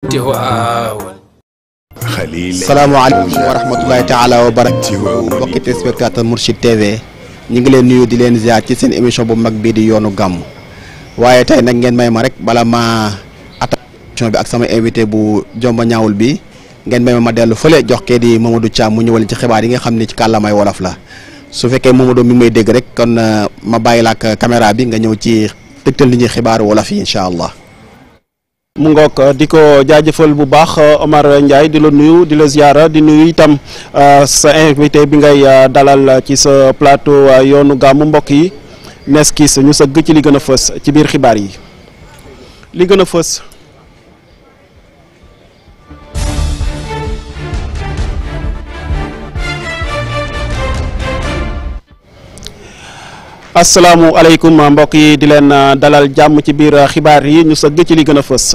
salaamaaleykum wa rahmatulahi taala wa barakatuh mbokki téléspectateur Mourchid TV ñu ngi leen nuyu di leen ziar ci seen émission bu mag bii di yoonu gàmm waaye tey nag ngeen may ma rek bala ma attaque bi ak sama invité bu jomba ñaawul bi ngeen may ma ma dellu fële jox kee di du Thiam mu ñëwal ci xibaar yi nga xam ni ci kàllaamay wolof la su fekkee Mamadou doom ngi may dégg rek kon ma bàyyi la ak caméra bi nga ñëw ci tëgtal li ñuy xibaaru wolof yi incha allah. mu ngoog uh, di ko jaajëfal bu baax uh, Omar Ndiaye di la nuyu di la ziara di nuyu itam uh, sa invité bi ngay dalal ci sa plateau yoonu gàmmu mbokk yi Neskis ñu sëgg ci li gën a fës ci biir xibaar yi li gën a fës asalaamualeykum mbokk yi di leen ah, dalal jàmm ci biir ah, xibaar yi ñu sëgg ci li gën a fës.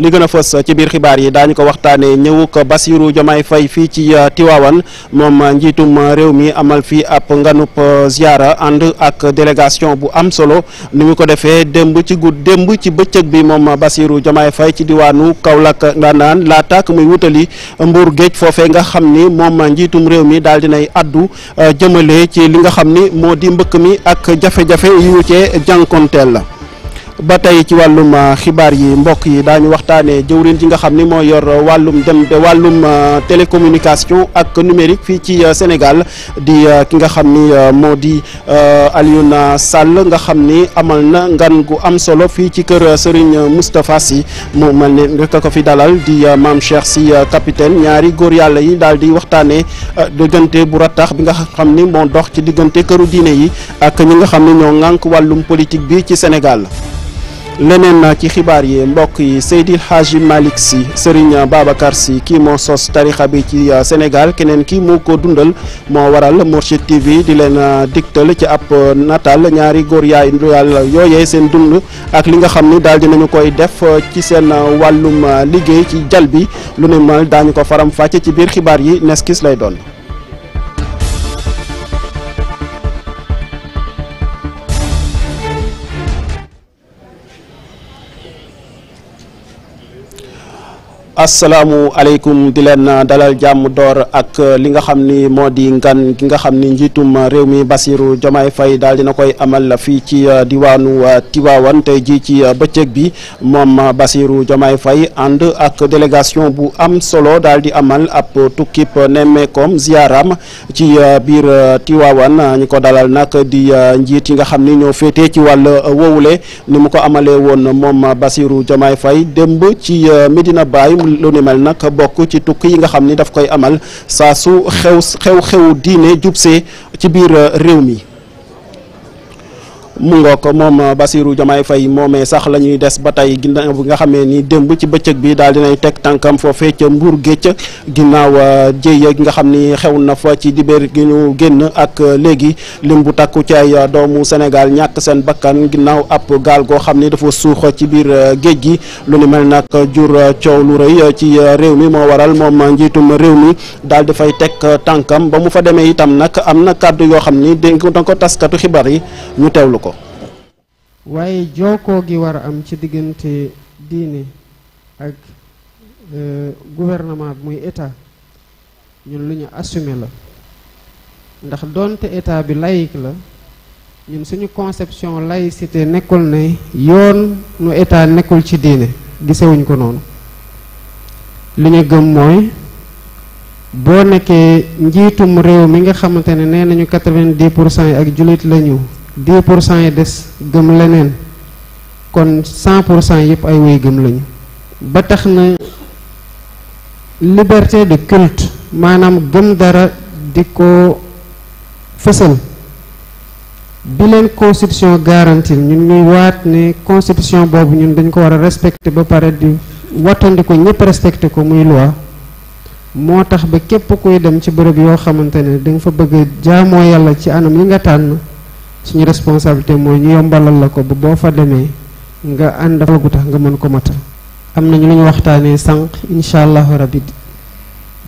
li gën a fës ci biir xibaar yi daañu ko waxtaanee ñëwu ko Bassirou Diomaye Faye fii ci euh, Tiwaawan moom euh, njiitum euh, réew mi amal fii ab nganub ziara ànd ak délégation bu am solo ni mu ko defee démb ci gudd démb ci bëccëg bi moom Bassirou Diomaye fay ci diwaanu Kaolack ndaanaan laa ak muy wutali Mbour géej foofee nga xam ni moom njiitum réew mi daal dinay addu jëmale ci li nga xam ni moo di mbëkk mi ak jafe-jafe yu cee jànkonteel la ba tey ci wàllum ah, xibaar yi mbokk yi daañu waxtaanee jëwrin ji nga xam ni moo yor wàllum dem wàllum ah, télécommunication ak numérique fii ci ah, Sénégal di ki nga xam ni moo di Alioune sàll nga xam ni amal na ngan gu am solo fii ci kër Serigne Moustapha Sy mu mel ne rek ko fi dalal di maam Cheikh si capitaine ñaari góor yàlla yi daal di waxtaanee diggante bu rattax bi nga xam ni moo dox ci diggante këru diine yi ak ñi nga xam ne ñoo ŋànk wàllum politique bi ci Sénégal. leneen ci xibaar yi mbokk yi Seydil Hadji Malick Sy Serigne Babacar Sy kii moo sos tarixa bi ci euh, senegal keneen kii moo ko dundal moo waral Mourchid TV di leen euh, digtal ci ab euh, nataal ñaari góor yaay yàlla yooyee seen dund ak li nga xam ni daal dinañu koy def ci seen wàllum liggéey ci jal bi lu ne mal daañu ko faram fàcce ci biir xibaar yi neskis lay doon asalaamualeykum di leen dalal jàmm door ak li nga xam ni moo di ngan ki nga xam ni njiitum réew mi Bassirou Diomaye fay daal dina koy amal fii ci uh, diwaanu uh, Tivaouane tey ci uh, bëccëg bi moom Bassirou Diomaye Faye ànd ak délégation bu am solo daal di amal ab tukkib nemmeekoom ziaram ci biir tiwaawan ñu ko dalal nag di njiit yi nga xam ni ñoo féete ci wàll woowule ni mu ko amale woon moom Bassirou Diomaye Faye démb ci Medina Baye lu ni mel nag bokk ci tukki yi nga xam ni daf koy amal saa su xew xew xewu diine jubsee ci biir euh, réew mi mu ngoog moom Bassirou Diomaye Faye moomee sax la ñuy des ba tey ginnaaw bi nga xamee ni démb ci bëccëg bi daal dinay teg tànkam foofee ca Mbour Géej ginnaaw euh, jéeya gi nga xam ni xew na fa ci dibéer gi ñu génn ak léegi lim bu takku ci ay doomu Sénégal ñàkk seen bakkan ginnaaw ab gaal goo xam ni dafa suux ci biir euh, géej gi lu ni mel nag jur euh, coow lu rëy ci réew mi moo waral moom njiitum réew mi daal di fay teg tànkam ba mu fa demee itam nag am na kàddu yoo xam ni dénk ko taskatu xibaar yi ñu teewlu ko waaye jookoo gi war a am ci diggante diine ak euh, gouvernement bi muy état ñun lu ñu assumer la ndax doonte état bi laïque la ñun suñu conception laïcité nekkul ne yoon nu état nekkul ci diine gisewuñ ko noonu li ñu gëm mooy boo nekkee njiitum réew mi nga xamante ne nee nañu quatre vingt pour cent yi ak jullit lañu dix pour cent yi des gëm leneen kon cent pour cent yëpp ay woy gëm lañu ba tax na liberté de culte maanaam gëm dara di ko fësal bi leen constitution garantie ñu ñuy waat ne constitution boobu ñun dañ ko war a respecté ba pare di wattandi ko ñëpp respecté ko muy loi moo tax ba képp kuy dem ci bërëb yoo xamante ne da fa bëgg a jaamoo yàlla ci anam yi nga tànn suñu responsabilité mooy ñu yombalal la ko boo fa demee nga ànd ak gu tax nga mën ko matal. am nañu lu ñu waxtaanee sànq incha allahu rabi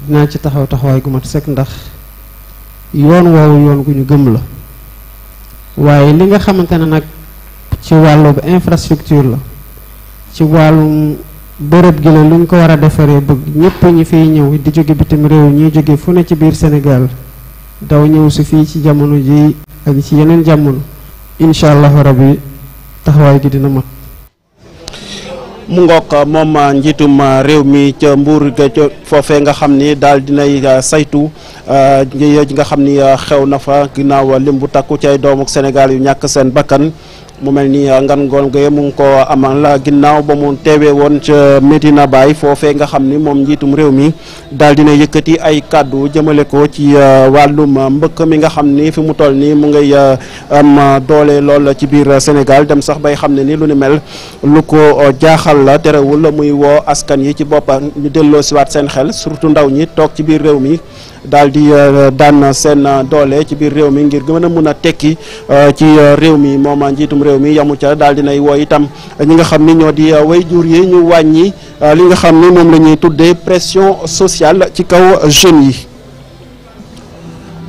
dinaa ci taxaw taxawaay gu mat sekk ndax yoon woowu yoon gu ñu gëm la waaye li nga xamante ne nag ci wàllu infrastructure la ci wàllum bërëb gi la lu ko war a defaree bëgg ñëpp ñi fiy ñëw di jóge bitim réew ñuy jóge fu ne ci biir Sénégal daw ñëw su fii ci jamono ji ak ci yeneen jamono incha allahu rabbi taxawaay mu ngoog moom njiitum réew mi ca Mbour ga foofee nga xam ni daal dinay saytu euh, yooyu nga xam ni xew na fa ginnaaw lim bu takku ci ay doomu Sénégal yu ñàkk seen bakkan. mu mel ni uh, ngan googee mu ngi ko amal uh, ginnaaw ba mu teewee woon ca Medina Baye foofee nga xam ni moom njiitum réew mi daal na yëkkati ay kàddu jëmale ko ci uh, wàllum mbëkk mi nga xam ni fi mu toll nii mu ngay am doole lool ci biir Sénégal dem sax bay xam ne ni lu ni mel lu ko jaaxal la terewul muy woo askan yi ci boppam ñu delloo siwaat seen xel surtout ndaw ñi toog ci biir réew mi daal di daan seen doole ci biir réew mi ngir gën a mun a tekki ci réew mi moom njiitum réew réew mi yamu ca daal dinay woo itam ñi nga xam ni ñoo di uh, way jur yi ñu wàññi uh, li nga xam ni moom la ñuy tuddee pression sociale ci kaw jeunes yi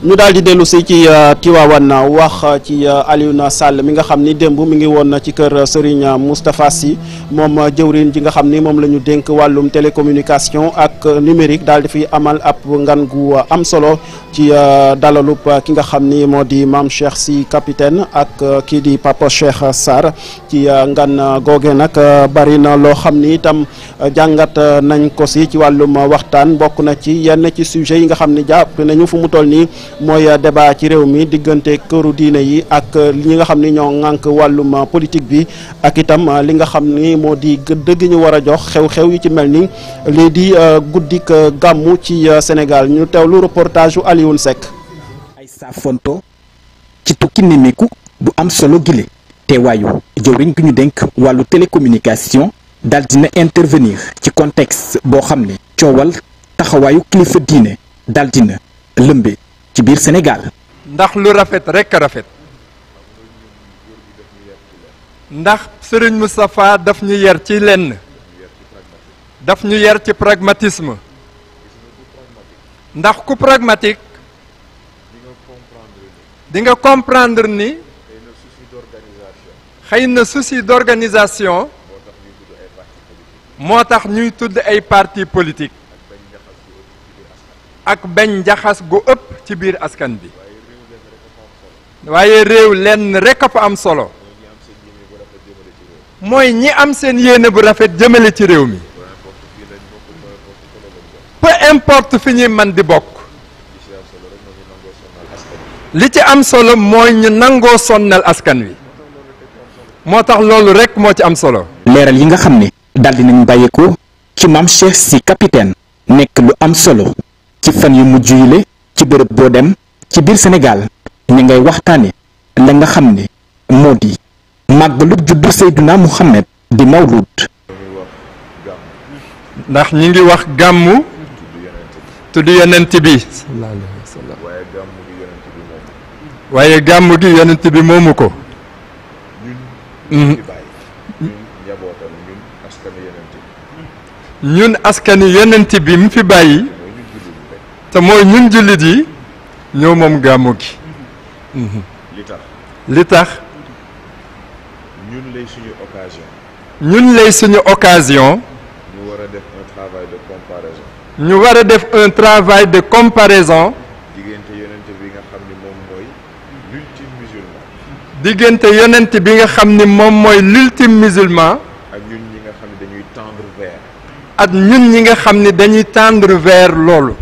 ñu daal di dellu si ci euh, Tiwaawan wax euh, ci euh, Alioune Sall mi nga xam ni démb mi ngi woon ci kër Serigne Moustapha si moom jëwriñ ji nga xam ni moom la ñu dénk wàllum télécommunication ak numérique daal di fi amal ab ngan gu am solo ci dalalub ki nga xam ni moo di maam Cheikh Sy capitaine ak kii di Papa Cheikh Sarr ci ngan googe nag bari na loo xam ni itam jàngat nañ ko si ci wàllum waxtaan bokk na ci yenn ci sujet yi nga xam ni jàpp nañu fu mu toll nii. mooy euh, débat ci réew mi diggante këru diine yi ak euh, ñi nga xam ni ñoo ŋànk wàllum euh, politique bi ak itam li nga xam ni moo di dëgg ñu war a jox xew-xew yi ci mel ni li di guddik gàmmu ci Sénégal ñu teewlu reportage u Alioune Seck ay saafonto ci tukki nemeeku bu am solo gile teewaayu jëwriñ gi ñu dénk wàllu télécommunication dal dina intervenir ci contexte boo xam ne coowal taxawaayu kilifa diine dal dina lëmbe ci biir Sénégal. ndax lu rafet rekk a rafet. ndax Serigne Moustapha daf ñu yar ci lenn. daf ñu yar ci pragmatisme. ndax ku pragmatique. di nga comprendre ni. xëy na souci d'organisation. moo tax ñuy tudd ay parti politique ak beñ njaxas gu ëpp ci biir askan bi waaye réew lenn rekk a fa am solo mooy ñi am seen yéene bu rafet jëmale ci réew mi peu importe fi ñuy man di bokk li ci am solo mooy ñu nangoo sonnal askan wi moo tax loolu rekk moo ci am solo leeral yi nga xam ni daldi nañ bàyyeekoo ci maam Cheikh Sy capitaine nekk lu am solo ci fan yu mujj yi ci bërëb boo dem ci biir Sénégal ñi ngay waxtaane la nga xam ne moo di màggalub juddu Seyduna Muhammad di mawlud ndax ñi ngi wax gàmmu tudd yonent gàmmu gi yonent bi moomu ko ñun askani yonent bi mu fi bàyyi te mooy ñun jullit yi ñoo moom gàmmu gi. li tax li tax. ñun lay suñu occasion. ñun lay suñu occasion. ñu war a def un travail de comparaison. ñu war a def un travail de comparaison. diggante yonent bi nga xam ni moom mooy l'ultime musulman. diggante yonent bi nga xam ni moom mooy l'ultime musulman. ak ñun ñi nga xam ni dañuy tendre vers. ak ñun ñi nga xam ni dañuy tendre vers loolu.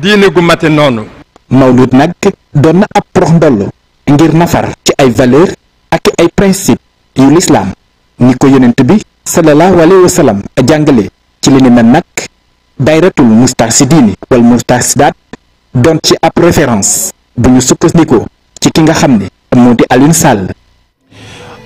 diine gu mate noonu mawlud nag doon na ab prox ndollu ngir nafar ci ay valeur ak ay principe yu lislaam ni ko yonent bi sallallahu alayhi wa sallam jàngale ci li ni mel nag dayratul mustarsidiini wal mustarsidaat doon ci ab référence bu ñu sukkandikoo ci ki nga xam ni moo di Alioune Sall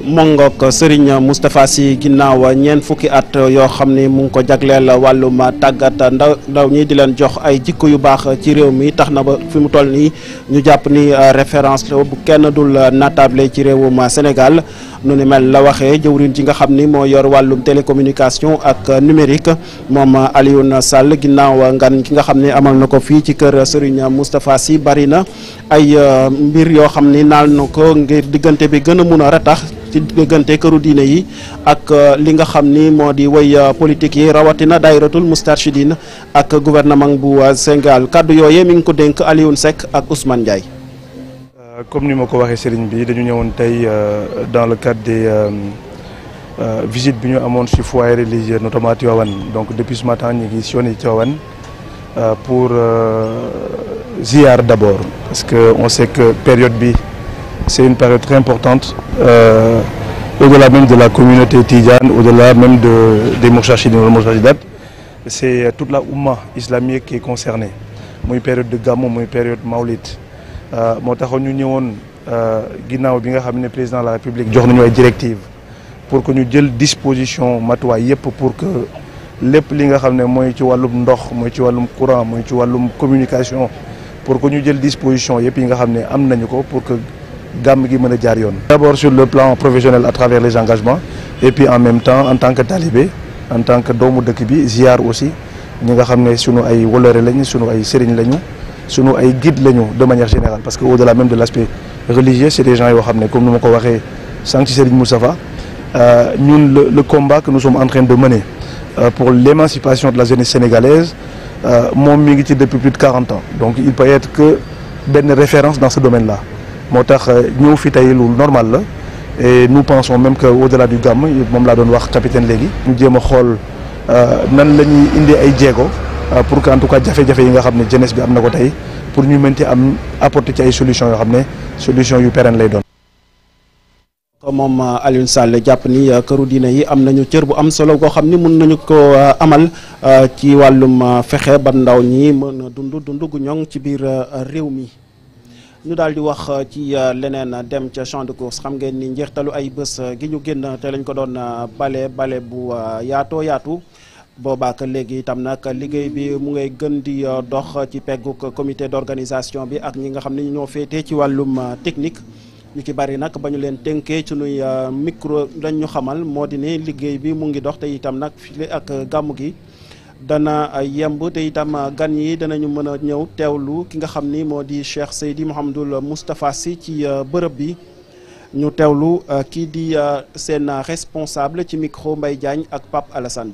mongook Serigne Moustapha si ginnaaw ñeent fukki at yoo xam ni mu ngi ko jagleel wàllum tàggat ndaw ndaw ñi di leen jox ay jikko yu baax ci réew mi tax na ba fi mu toll nii ñu jàpp ni euh, référence la bu kenn dul natable ci réewum Sénégal nu ni mel la waxee jëwriñ ji nga xam ni moo yor wàllum télécommunication ak numérique moom Alioune sàll ginnaaw ngan ki nga xam ne amal na ko fii ci kër Serigne Moustapha Sy bari na ay euh, mbir yoo xam ni naal na ko ngir diggante bi gën a mun a ratax ci diggante këru diine yi ak euh, li nga xam ni moo di way euh, politique yi rawatina daayiratul Moustarchidine ak gouvernement bu euh, Sénégal kàddu yooyee mi ngi ko dénk Alioune Seck ak Ousmane Ndiaye. comme ni ma ko waxee sëriñ bi dañu ñëwoon tey dans le cadre des visites bi ñu amoon ci foyer religieux notamment Tivaouane donc depuis ce matin ñu ngi sonni Tivaouane pour ziar d'abord parce que on sait période bi. c'est une période très importante euh, au-delà même de la communauté tidiane, au-delà même de, des moustarchidines et des moustarchidates. C'est toute la Oumma islamique qui est concernée mooy période de Gamou mooy période Mawlid euh, moo taxoon ñu ñëwoon euh, ginnaaw bi nga xam ne président la République jox nañu ay directives pour que ñu jël disposition matuwaay yëpp pour que lépp li nga xam ne mooy ci wàllum ndox mooy ci wàllum courant mooy ci wàllum communication pour que ñu jël disposition yépp yi nga xam ne am nañu ko pour que gàmm gi mën a jaar yoon. d'abord sur le plan professionnel à travers les engagements et puis en même temps en tant que talibé en tant que doomu dëkk bi ziar aussi ñi nga xam ne sunu ay wolore lañu sunu ay sëriñ lañu sunu ay guide lañu de manière générale parce que au-delà même de l'aspect religieux c'est des gens yoo xam ne comme nu ma ko waxee sànq ci Serigne euh, ñun le le combat que nous sommes en train de mener euh, pour l'émancipation de la jeunesse sénégalaise euh, moom mi ngi ci depuis plus de quarante ans donc il que benn référence dans moo tax euh, ñëw fi tey lu normal la et nous pensons même que au-delà du gàmm moom laa doon wax capitaine léegi. ñu jéem a xool euh, nan la ñuy indi ay jéego euh, pour que en tout cas jafe-jafe yi nga xam ne jeunesse bi am na ko tey pour ñu mën ci am apporter ci ay solution yoo xam ne solution yu pérenne lay doon. moom Alioune Sall jàpp ni këru diine yi am nañu cër bu am solo goo xam ni mun nañu ko amal ci wàllum fexe ba ndaw ñi mën a dund dund gu ñoŋ ci biir réew mi. ñu daal wax euh, ci euh, leneen euh, dem ca champ de course xam ngeen ni njeextalu ay bés gi ñu génn te lañ ko doon bale bale bu yaatoo yaatu boobaak léegi itam nag liggéey bi mu ngay gën di dox ci pegguk comité d'organisation bi ak ñi nga xam ne ñoo féetee ci wàllum technique ñu ci bari nag ba ñu leen tënkee suñuy micro lañ ñu xamal moo di ne liggéey bi mu ngi dox te itam nag fii ak gàmm gi dana yemb te itam gan yi danañu mën a ñëw teewlu ki nga xam ni moo di Cheikh Seydi Mouhamadul Moustapha si ci euh, bërëb bi ñu teewlu euh, kii di euh, seen responsable ci micro Mbaye Diagne ak Pape Alassane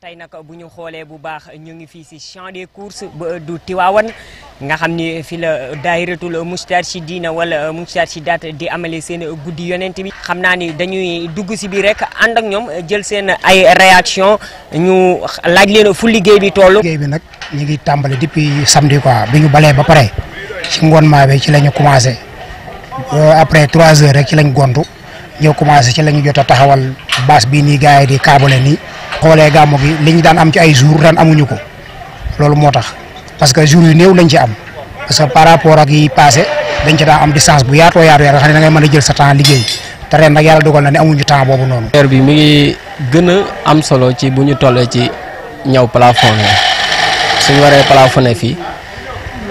tey nag bu ñu xoolee bu baax ñu ngi fii ci champ des courses du Tivaouane. nga xam ni fi la daahiratul Moustarchidina wala Moustarchidaat di amale seen guddi yonent bi xam naa ni dañuy dugg si biir rek ànd ak ñoom jël seen ay réaction ñu laaj leen fu liggéey bi toll. liggéey bi nag ñu ngi tàmbali depuis samedi quoi bi ñu balee ba pare ngoon maa bi ci la ñu commencé après trois heures rek ci lañ gontu ñëw commencé ci la ñu jot a taxawal bâche bii nii gars yi di kaabale nii. xoolee gàmmu gi li daan am ci ay jour ren amuñu ko loolu moo tax. parce que jour yu néew lañ ci am parce par rapport ak yi passé dañ ci daa am distance bu yaatoo yaatu yaatu xam ne da ngay mën a jël sa temps liggéey te ren nag yàlla dogal na ne amuñu temps boobu noonu. affaire bi mi ngi gën a am solo ci bu ñu tollee ci ñaw plafonné suñu waree plafonné fii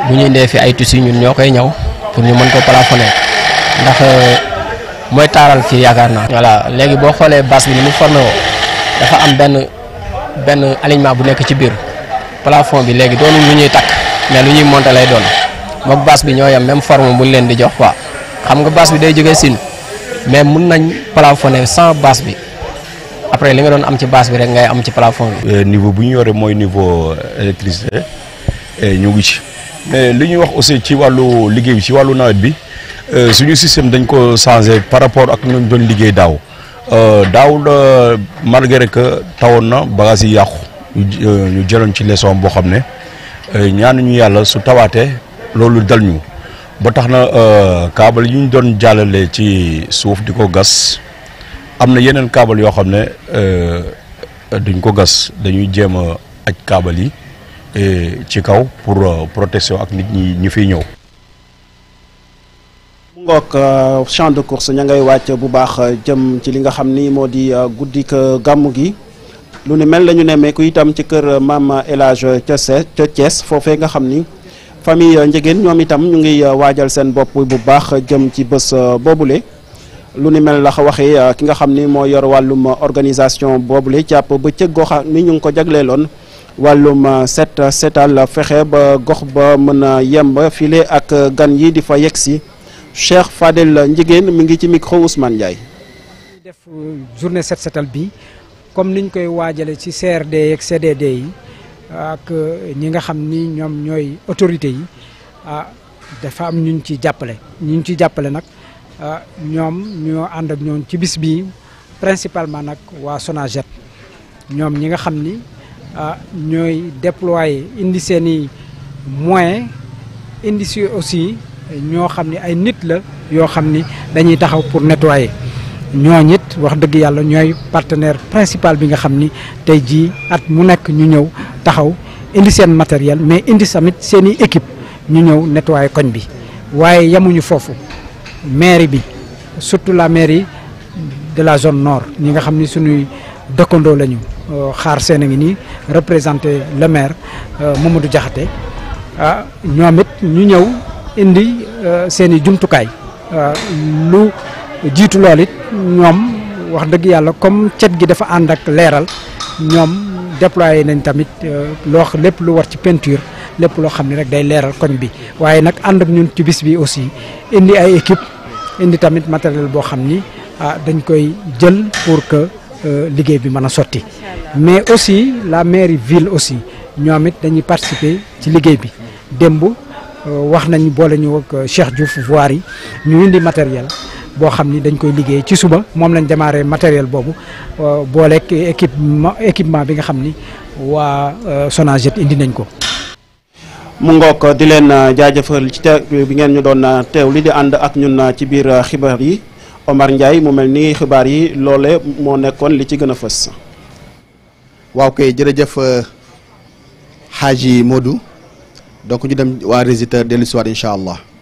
bu ñu indee fi ay tissus ñun ñoo koy ñaw pour ñu mën ko plafonné ndax euh, mooy taaral fii yaakaar naa. voilà léegi boo xoolee base bi ni mu formé woo dafa am benn benn alignement bu nekk ci biir. plafond bi léegi doonul lu ñuy takk mais lu ñuy monter lay doon mook bâche bi ñoo yam même forme buñ leen di jox quoi xam nga bâche bi day jógee Sine mais mun nañ plafonner sans bâche bi après li nga doon am ci bâche bi rek ngay am ci plafond bi. Euh, niveau bu ñu yore mooy niveau euh, électricité euh, ñu ngi ci mais li ñuy wax aussi ci wàllu liggéey bi ci wàllu nawet bi suñu système dañ ko changé par rapport ak ñu doon liggéey daaw daaw la malgré que tawoon na bagages yi yàqu. ñu jëloon ci leçon boo xam ne euh, ñaan ñu yàlla su tawaatee loolu dal ñu ba tax na euh, kaabal yi ñu doon jàllale ci suuf di ko gas am na yeneen kaabal yoo xam ne euh, duñ ko gas dañuy jéem a aj kaabal yi ci kaw pour protection ak nit ñi ñu fiy ñëw. ngook champ de course ña ngay wàcc bu baax jëm ci li nga xam ni moo di guddik gàmmu gi. lu ni mel la ñu nemmeeku itam ci kër euh, maam élage euh, Hadj euh, ca Thiès foofee nga xam ni famille Ndiéguène ñoom itam ñu ngi waajal seen bopp bu baax jëm ci bës boobu boobule. lu ni mel la waxee ki nga xam ni moo yor wàllum organisation boobu boobule jàpp ba cëg goo xam ni ñu ngi ko jagleeloon wàllum set setal fexe ba gox ba mën a yemb file ak gan yi di fa yegg si Cheikh Fadel Ndiéguène mi ngi ci micro Ousmane Ndiaye. def journée set setal bi. comme niñ koy waajale ci CRD yeeg CDD yi ak eh, ñi nga xam ni ñoom ñooy autorité yi ah dafa am ñuñ ci jàppale ñu ñuñ ci jàppale nag ah, ñoom ñoo ànd ak ñoom ci bis bii principalement nag waa SONAGED ñoom ñi nga xam ni ah, ñooy déployer indi seen i moyens indi si aussi ñoo xam ni ay nit la yoo xam ni dañuy taxaw pour nettoyer ñooñ it wax dëgg yàlla ñooy partenaire principal bi nga xam ni tey jii at mu nekk ñu ñëw taxaw indi seen matériel mais indi tamit seeni équipe ñu ñëw nettoyer koñ bi waaye yamuñu foofu mairie bi surtout la mairie de la zone nord ñi nga xam ni suñuy dëkkandoo lañu euh, xaar seen a ngi nii représenté le maire euh, Mamadou Diakhaté ah ñoom it ñu ñëw indi euh, seen i jumtukaay lu jiitu lool it ñoom wax dëgg yàlla comme cet gi dafa ànd ak leeral ñoom déployé nañ tamit euh, loo lépp lu war ci peinture lépp loo xam ne rek day leeral koñ bi waaye nag ànd ak ñun ci bis bi aussi indi ay équipe indi tamit matériel boo xam ni ah dañ koy jël pour que euh, liggéey bi mën a sotti mais aussi la mairie ville aussi ñoom it dañuy participer ci liggéey bi démb euh, wax nañ boole ñu ak Cheikh Diouf voir yi ñu indi matériel boo xam ni dañ koy liggéey ci suba moom lañ demaaree matériel boobu euh, booleeg équipement équipement bi nga xam ni waa euh, Sonaged indi nañ ko. mu ngoog di leen euh, jaajëfal ci teew bi ngeen ñu doon teew li di ànd ak ñun ci biir xibaar yi Omar Ndiaye mu mel ni xibaar yi loole moo nekkoon li ci gën a fës. waaw kay jërëjëf Hadji Modou donc ñu dem waa résiteur dellu si waat incha allah.